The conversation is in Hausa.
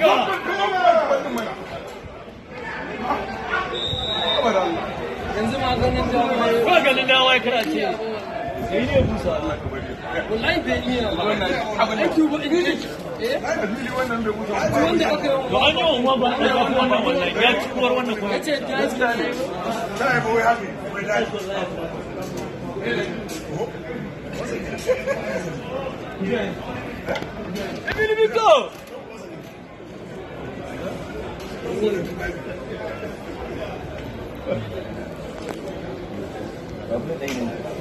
yanzu maganin dawa Yeah. Lovely